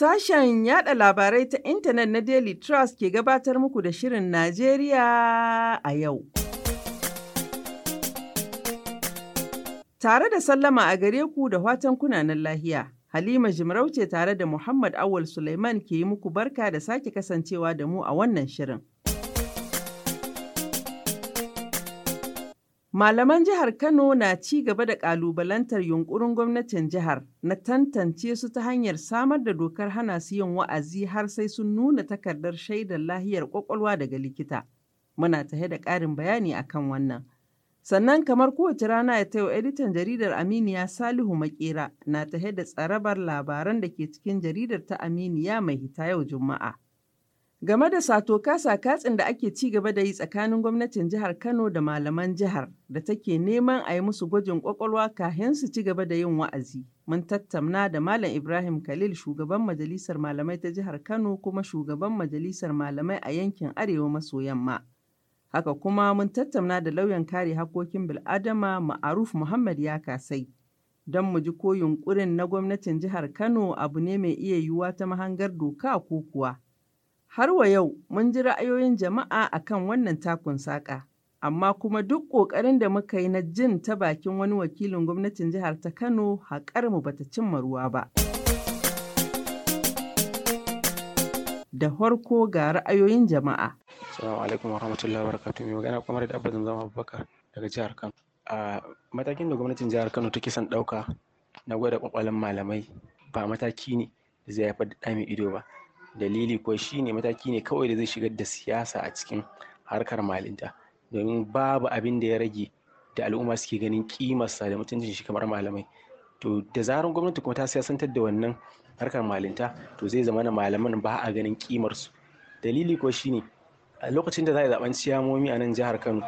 Sashen yada labarai ta intanet na Daily Trust ke gabatar muku da Shirin Najeriya a yau. Tare da sallama a gare ku da watan kunanan lahiya, Halima Jimarauce tare da Muhammad Awal Suleiman ke yi muku barka da sake kasancewa da mu a wannan shirin. Malaman jihar Kano na ci gaba da ƙalubalantar yunkurin gwamnatin jihar na tantance su ta hanyar samar da dokar hana su yin wa'azi har sai sun nuna takardar shaidar lahiyar ƙwaƙwalwa daga likita. Muna tahe da ƙarin bayani a kan wannan. Sannan kamar kowace rana ya tayo editan jaridar Aminiya Salihu Makera na tahe da tsarabar labaran da ke cikin jaridar ta Aminiya mai hita yau Juma'a. game da sato kasa katsin da ake ci gaba da yi tsakanin gwamnatin jihar Kano da malaman jihar da take neman a yi musu gwajin kwakwalwa kahin su ci gaba da yin wa'azi. Mun tattauna da Malam Ibrahim Khalil shugaban majalisar malamai ta jihar Kano kuma shugaban majalisar malamai a yankin Arewa maso yamma. Haka kuma mun tattauna da lauyan kare hakokin bil'adama Ma'aruf Muhammad ya kasai. Don mu ji ko yunkurin na gwamnatin jihar Kano abu ne mai iya yiwuwa ta mahangar doka ko kuwa. Har wa yau mun ji ra'ayoyin jama'a a kan wannan takun saƙa, amma kuma duk ƙoƙarin da muka yi na jin ta bakin wani wakilin gwamnatin jihar ta Kano haƙarmu ba ta cimma ruwa ba. Da farko ga ra'ayoyin jama'a. Assalamu alaikum wa barakatuhu. Mai magana kuma da Abba Zamzam Abubakar daga jihar Kano. A matakin da gwamnatin jihar Kano take son ɗauka na gwada ƙwaƙwalen malamai ba mataki ne da zai haifar da ɗa ido ba. dalili shi shine mataki ne kawai da zai shigar da siyasa a cikin harkar malinta domin babu abin da ya rage da al'umma suke ganin kimarsa da mutuncin shi kamar malamai to da zarar gwamnati kuma ta siyasantar da wannan harkar malinta to zai zama na malaman ba a ganin kimarsu dalili shi shine a lokacin da za a zaben ciyamomi a nan jihar kano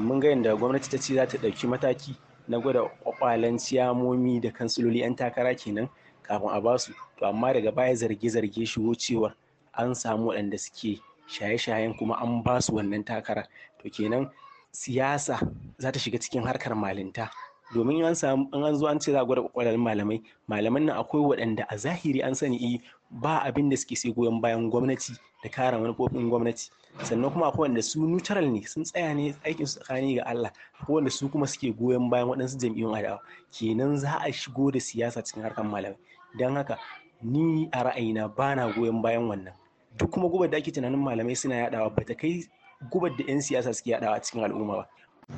mun ga yadda gwamnati ta ce za ta ɗauki mataki na gwada kwakwalen ciyamomi da kansiloli 'yan takara kenan kafin a basu to amma daga baya zarge-zarge shigo cewar an samu waɗanda suke shaye-shayen kuma an ba su wannan takarar to kenan siyasa za ta shiga cikin harkar malinta domin an samu an zo an ce za a gwada kwakwalwar malamai malaman nan akwai waɗanda a zahiri an sani eh, ba abin da suke sai goyon bayan gwamnati da kare manufofin gwamnati sannan kuma akwai wanda su neutral ne sun tsaya ne aikin su tsakani ga Allah akwai wanda su kuma suke goyon bayan waɗansu jam'iyyun adawa kenan za a shigo da siyasa cikin harkar malamai don haka ni a ra'ayina ba na goyon bayan wannan duk kuma gubar da ake tunanin malamai suna yadawa ba ta kai gubar da 'yan siyasa suke yadawa cikin al'umma ba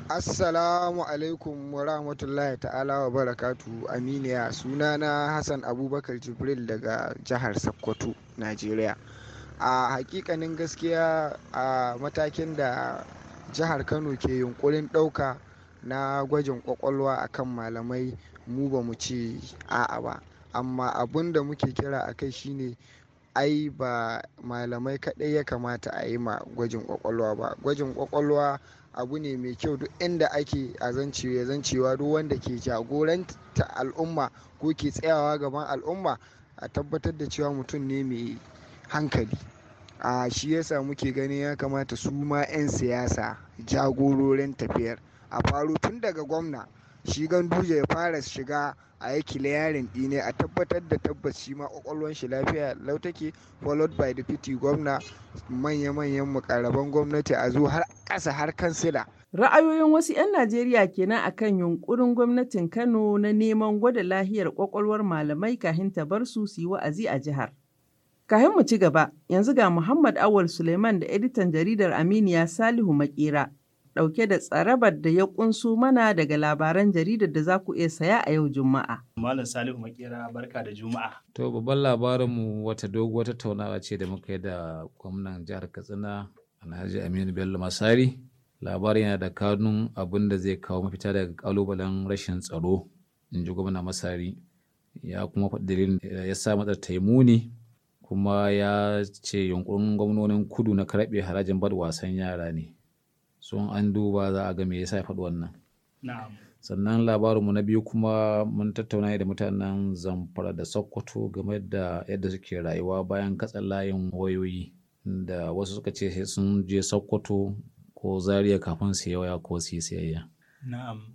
Assalamu alaikum wa rahmatullahi ta'ala wa barakatu aminiya suna na Hassan Abubakar Jibril daga jihar Sokoto, Najeriya. A hakikanin gaskiya a matakin da jihar Kano ke yunkurin ɗauka na gwajin kwakwalwa akan malamai mu ba mu ce a'a ba. Amma abun da muke kira a kai shine ai ba malamai kaɗai ya kamata a yi ma gwajin kwakwalwa ba. Gwajin kwakwalwa abu ne mai kyau duk inda ake a zancewa zancewa duk wanda ke jagoranta al'umma ko ke tsayawa gaban al'umma a tabbatar da cewa mutum ne mai hankali a shi yasa muke ganin ya kamata su ma 'yan siyasa jagororin tafiyar a faro tun daga gwamna shi Ganduje ya fara shiga a yi yarin ɗine a tabbatar da tabbas shi ma kwakwalwar shi lafiya lau take followed by deputy gwamna manya-manyan mukarraban gwamnati a zo har ƙasa har kansila. Ra'ayoyin wasu 'yan Najeriya kenan akan yunkurin gwamnatin Kano na neman gwada lahiyar ƙwaƙwalwar malamai kahin ta bar su su yi wa'azi a jihar. Kahin mu ci gaba, yanzu ga Muhammad Awal Suleiman da editan jaridar Aminiya Salihu Makera ɗauke da tsarabar da ya ƙunsu mana daga labaran jaridar da za ku iya saya a yau Juma'a. Malam Salihu Makera barka da Juma'a. To babban labarinmu wata dogo doguwar tattaunawa ce da muka yi da gwamnan jihar Katsina Alhaji Aminu Bello Masari. Labarin yana da kanun abin da zai kawo mafita daga kalubalen rashin tsaro, in ji gwamna Masari. Ya kuma dalilin ya sa matsar taimuni kuma ya ce yunkurin gwamnonin kudu na karɓe harajin bad wasan yara ne. sun an duba za a ga me yasa ya faɗi wannan sannan labarinmu na biyu kuma mun tattauna da mutanen zamfara da sokoto game da yadda suke rayuwa bayan katsan layin wayoyi da wasu suka ce sun je sokoto ko zaria kafin su waya ko su sayayya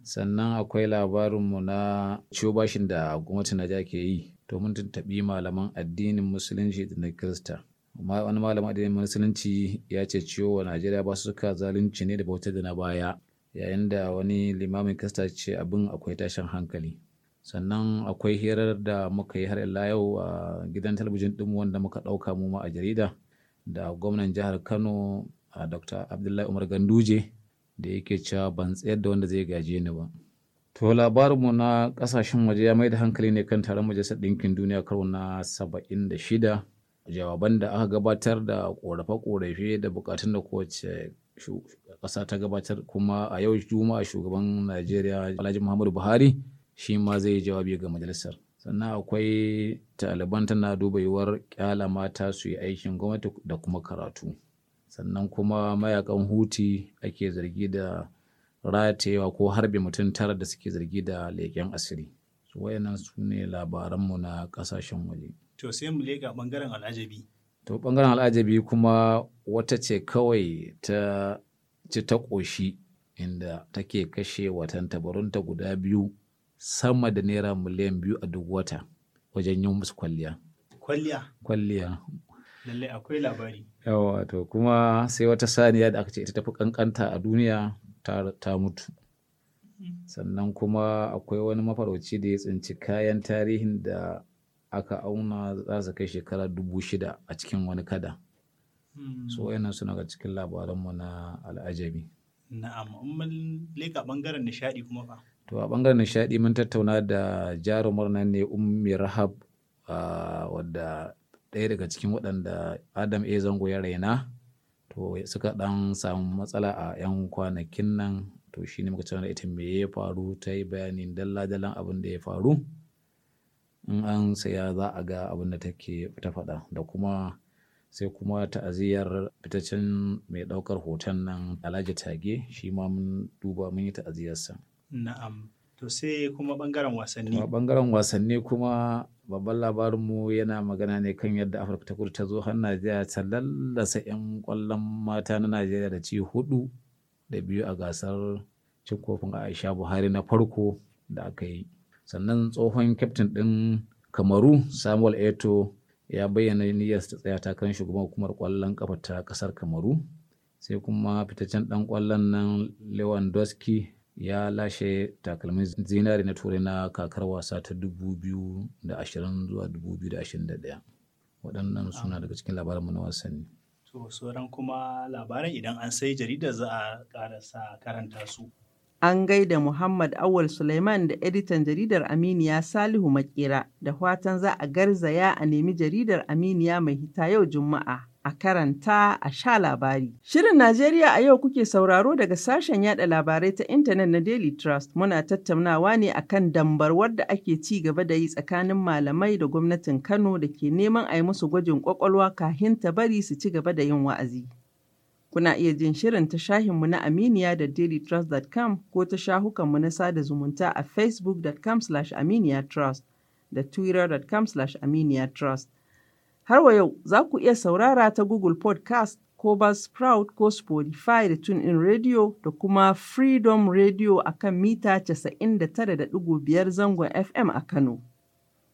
sannan akwai labarinmu na ciwo bashin da gwamnati na ke yi to mun tuntaɓi malaman addinin musulunci da na kirista wani malama da musulunci ya ce ciwo wa najeriya ba su suka zalunci ne da bautar da na baya yayin da wani limamin kasta ce abin akwai tashin hankali sannan akwai hirar da muka yi har illa yau a gidan talabijin ɗin wanda muka ɗauka mu a jarida da gwamnan jihar kano a dr abdullahi umar ganduje da yake cewa ban tsayar da wanda zai gaje ni ba to labarinmu na ƙasashen waje ya mai da hankali ne kan taron majalisar ɗinkin duniya karo na saba'in da shida jawaban da aka gabatar da korafe-korafe da bukatun da kowace ƙasa ta gabatar kuma a yau juma'a shugaban najeriya alhaji muhammadu buhari shi ma zai yi jawabi ga majalisar sannan akwai taliban tana duba yiwuwar kyala mata su yi aikin gwamnati da kuma karatu sannan kuma mayakan huti ake zargi da ratayewa ko harbe mutum tara da suke zargi da leƙen asiri su wayannan su ne labaranmu na ƙasashen waje. To sai mu leƙa ɓangaren al'ajabi. To ɓangaren al'ajabi kuma wata ce kawai ta ci ta ƙoshi inda take kashe watan tabarunta guda biyu sama da naira miliyan biyu a duk wata wajen yin musu kwalliya. Kwalliya? Kwalliya. Lallai akwai labari. Yawa to kuma sai wata saniya da aka ce ita tafi kankanta a duniya ta mutu. Mm. sannan kuma akwai wani mafarauci da ya tsinci kayan tarihin da aka auna za su kai shekara dubu shida a cikin wani kada hmm. so yana suna ga cikin labaranmu na al'ajabi na'am amman leka bangaren nishadi kuma fa to a bangaren nishadi mun tattauna da jarumar nan ne ummi rahab wadda ɗaya daga cikin waɗanda adam a zango ya raina to suka ɗan samu matsala a 'yan kwanakin nan to shine muka cewa ita me ya faru ta yi bayanin dalla-dallan abin da ya faru in an saya za a ga abin da take ta faɗa da kuma sai kuma ta'aziyar fitaccen mai ɗaukar hoton nan alhaji tage shi ma mun duba mun yi ta'aziyarsa. Na'am. To sai kuma bangaren wasanni. Kuma bangaren wasanni kuma babban labarinmu yana magana ne kan yadda Afirka ta kudu ta zo har Najeriya ta lallasa 'yan kwallon mata na Najeriya da ci hudu da biyu a gasar cin kofin Aisha Buhari na farko da aka yi. sannan tsohon kyaftin ɗin kamaru samuel eto ya bayyana niyyar ta tsaya kan shugaban hukumar kwallon kafa ta kasar kamaru sai kuma fitaccen ɗan kwallon nan lewandowski ya lashe takalmin zinari na turai na kakar wasa ta 2020 zuwa 2021 waɗannan suna daga cikin labaranmu na wasanni to sauran kuma labaran idan an sai jarida za a ƙarasa karanta su An gaida Muhammad Awwal Suleiman da editan jaridar Aminiya Salihu Maƙera, da fatan za a garzaya a nemi jaridar Aminiya mai hita yau Juma'a. a karanta a sha labari. Shirin Najeriya a yau kuke sauraro daga sashen yada labarai ta intanet na Daily Trust muna tattaunawa ne akan dambarwar da ake ci gaba da yi tsakanin malamai da gwamnatin Kano da ke neman a yi musu gwajin kwakwalwa kahin ta bari su ci gaba da yin wa'azi. Kuna iya jin shirin ta shahinmu na Aminiya da dailytrust.com ko ta shahukanmu na sada zumunta a facebook.com aminiyatrust da twitter.com aminiyatrust. Har wa yau za ku iya saurara ta Google Podcast ko Buzzsprout ko Spotify da in Radio da kuma Freedom Radio a kan mita 99.5 zangon FM a Kano.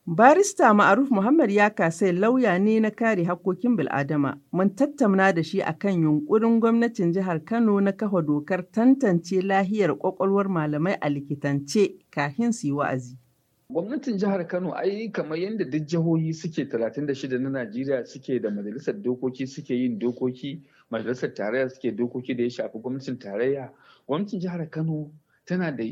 Barista Ma'aruf Muhammad Ya Kasai lauya ne na kare hakkokin bil'adama, mun tattauna da shi akan yunƙurin gwamnatin jihar Kano na kafa dokar tantance lahiyar ƙwaƙwalwar malamai a likitance kafin su yi wa'azi. Gwamnatin jihar Kano ai kamar yadda duk jihohi suke 36 na Najeriya suke da majalisar dokoki suke yin dokoki, majalisar tarayya suke dokoki da ya shafi gwamnatin tarayya. Gwamnatin jihar Kano tana da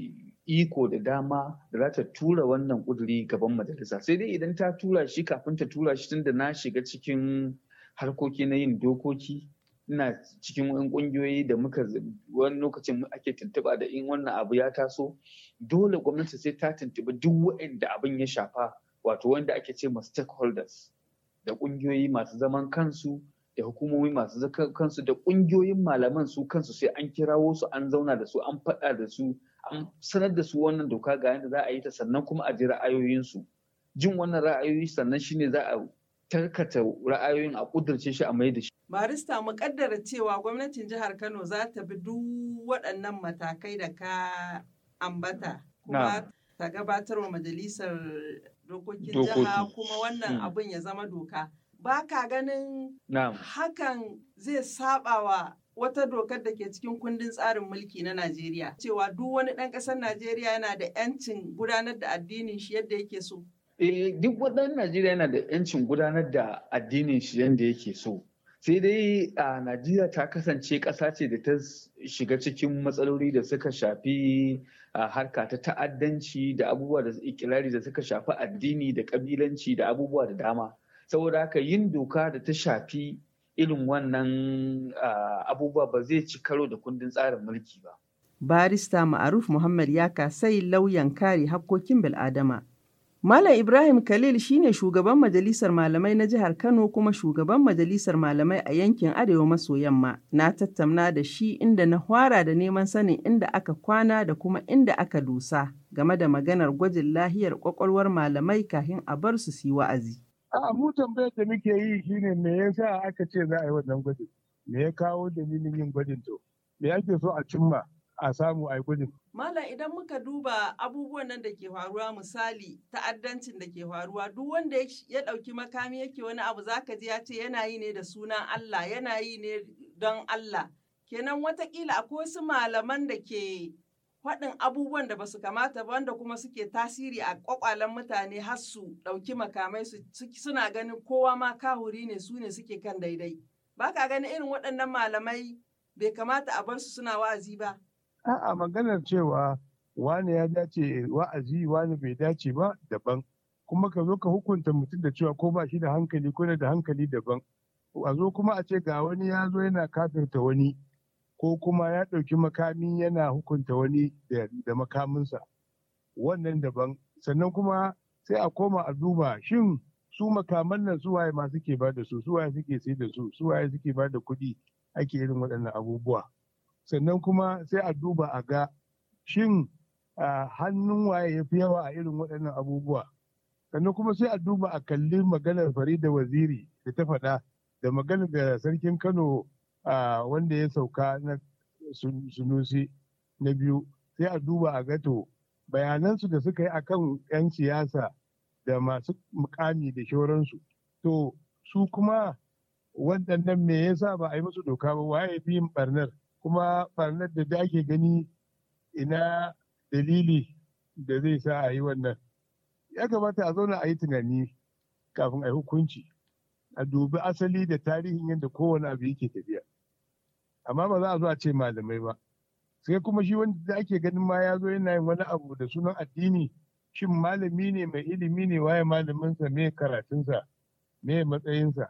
iko da dama da za ta tura wannan ƙuduri gaban majalisa sai dai idan ta tura shi kafin ta tura shi tunda na shiga cikin harkoki na yin dokoki ina cikin wani ƙungiyoyi da muka wani lokacin ake tuntuɓa da in wannan abu ya taso dole gwamnati sai ta tuntuɓi duk waɗanda abin ya shafa wato wanda ake ce ma stakeholders da ƙungiyoyi masu zaman kansu da hukumomi masu kansu da ƙungiyoyin malaman su kansu sai an kirawo su an zauna da su an faɗa da su an sanar da su wannan doka ga yadda za a yi ta sannan kuma a ji ra'ayoyinsu jin wannan ra'ayoyi sannan shine za a tarkata ra'ayoyin a kudurce shi a maida shi. Barista mu kaddara cewa gwamnatin jihar Kano za ta bi duk waɗannan matakai da ka ambata kuma ta gabatar wa majalisar dokokin jiha kuma wannan hmm. abun ya zama doka. Ba ka ganin hakan zai saba wa wata dokar da ke cikin kundin tsarin mulki na Najeriya cewa duk wani ɗan ƙasar Najeriya yana da 'yancin gudanar da addinin shi yadda yake so. Eh, duk waɗannan Najeriya yana da 'yancin gudanar da addinin shi yadda yake so. Sai dai a Najeriya ta kasance ƙasa ce da ta shiga cikin matsaloli da suka shafi harka ta ta'addanci da abubuwa da ikirari da suka shafi addini da kabilanci da abubuwa da dama. Saboda haka yin doka da ta shafi irin wannan abubuwa ba zai ci karo da kundin tsarin mulki ba. Barista Ma'aruf Muhammad ya kasai lauyan kare hakkokin bil'adama. Malam Ibrahim Khalil shine shugaban majalisar malamai na jihar Kano kuma shugaban majalisar malamai a yankin Arewa maso yamma. Na tattauna da shi inda na hwara da neman sanin inda aka kwana da kuma inda aka dusa game da maganar gwajin lahiyar kwakwalwar malamai kafin a bar su su yi wa'azi. A mu tambayar da muke yi shine me yasa aka ce za a yi wannan gwajin? Me ya kawo dalilin yin gwajin to? Me ake so a cimma a samu a yi gwajin? Malam idan muka duba abubuwan nan da ke faruwa misali ta'addancin da ke faruwa duk wanda ya ɗauki makami yake wani abu zaka ji ya ce yana yi ne da sunan Allah yana yi ne don Allah. Kenan watakila akwai wasu malaman da ke faɗin abubuwan da ba su kamata ba wanda kuma suke tasiri a ƙwaƙwalen mutane har su ɗauki makamai su suna ganin kowa ma kahuri ne su ne suke kan daidai. Ba ka gani irin waɗannan malamai bai kamata a bar su suna wa'azi ba? A'a maganar cewa wani ya dace wa'azi wani bai dace ba daban. Kuma ka zo ka hukunta mutum da cewa ko ba shi da hankali ko da hankali daban. A zo kuma a ce ga wani ya zo yana kafirta wani. ko kuma ya ɗauki makami yana hukunta wani da makaminsa wannan daban sannan kuma sai a koma a duba shin su makaman nan suwaye ma suke ba da su suwaye suke sai da su suwaye suke ba da kuɗi ake irin waɗannan abubuwa sannan kuma sai a duba a ga shin hannun waye ya fi yawa a irin waɗannan abubuwa sannan kuma sai a duba a kalli maganar farida waziri da ta faɗa da maganar da sarkin kano wanda ya sauka na sunusi na biyu sai a duba a gato bayanansu da suka yi a kan 'yan siyasa da masu mukami da shauransu to su kuma waɗannan me yasa ba a yi musu doka ba waye biyin barnar kuma barnar da da ake gani ina dalili da zai sa a yi wannan ya kamata a zauna a yi tunani kafin a yi hukunci a dubi asali da tarihin yadda kowane abu yake tafiya amma ba za a zo a ce malamai ba sai kuma shi wanda ake ganin ma ya zo yana yin wani abu da sunan addini shin malami ne mai ilimi ne waye malaminsa me karatunsa me matsayinsa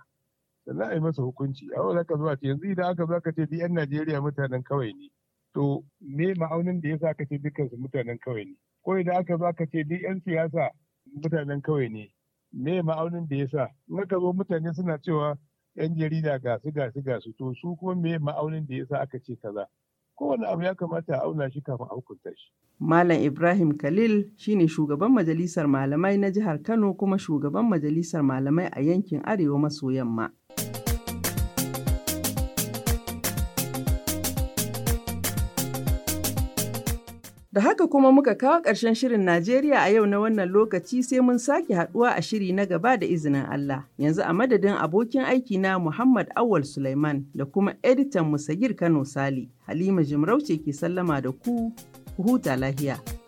sannan a yi masa hukunci a zaka zo a ce yanzu idan aka zo aka ce duk yan najeriya mutanen kawai ne to me ma'aunin da ya sa ka ce dukkansu mutanen kawai ne ko idan aka zo aka ce duk yan siyasa mutanen kawai ne me ma'aunin da ya sa in aka zo mutane suna cewa yan jarida ga su ga su su to su kuma me ma'aunin da yasa aka ce kaza kowane abu ya kamata a auna shi kafin a hukunta shi Malam Ibrahim Khalil shine shugaban majalisar malamai na jihar Kano kuma shugaban majalisar malamai a yankin Arewa maso yamma. Da haka kuma muka kawo ƙarshen shirin Najeriya a yau na wannan lokaci sai mun sake haɗuwa a shiri na gaba da izinin Allah. Yanzu a madadin abokin aiki na Muhammad Awal Sulaiman da kuma editan Musagir Kano Sali, Halima Jimarauce ke sallama da ku, ku huta lahiya.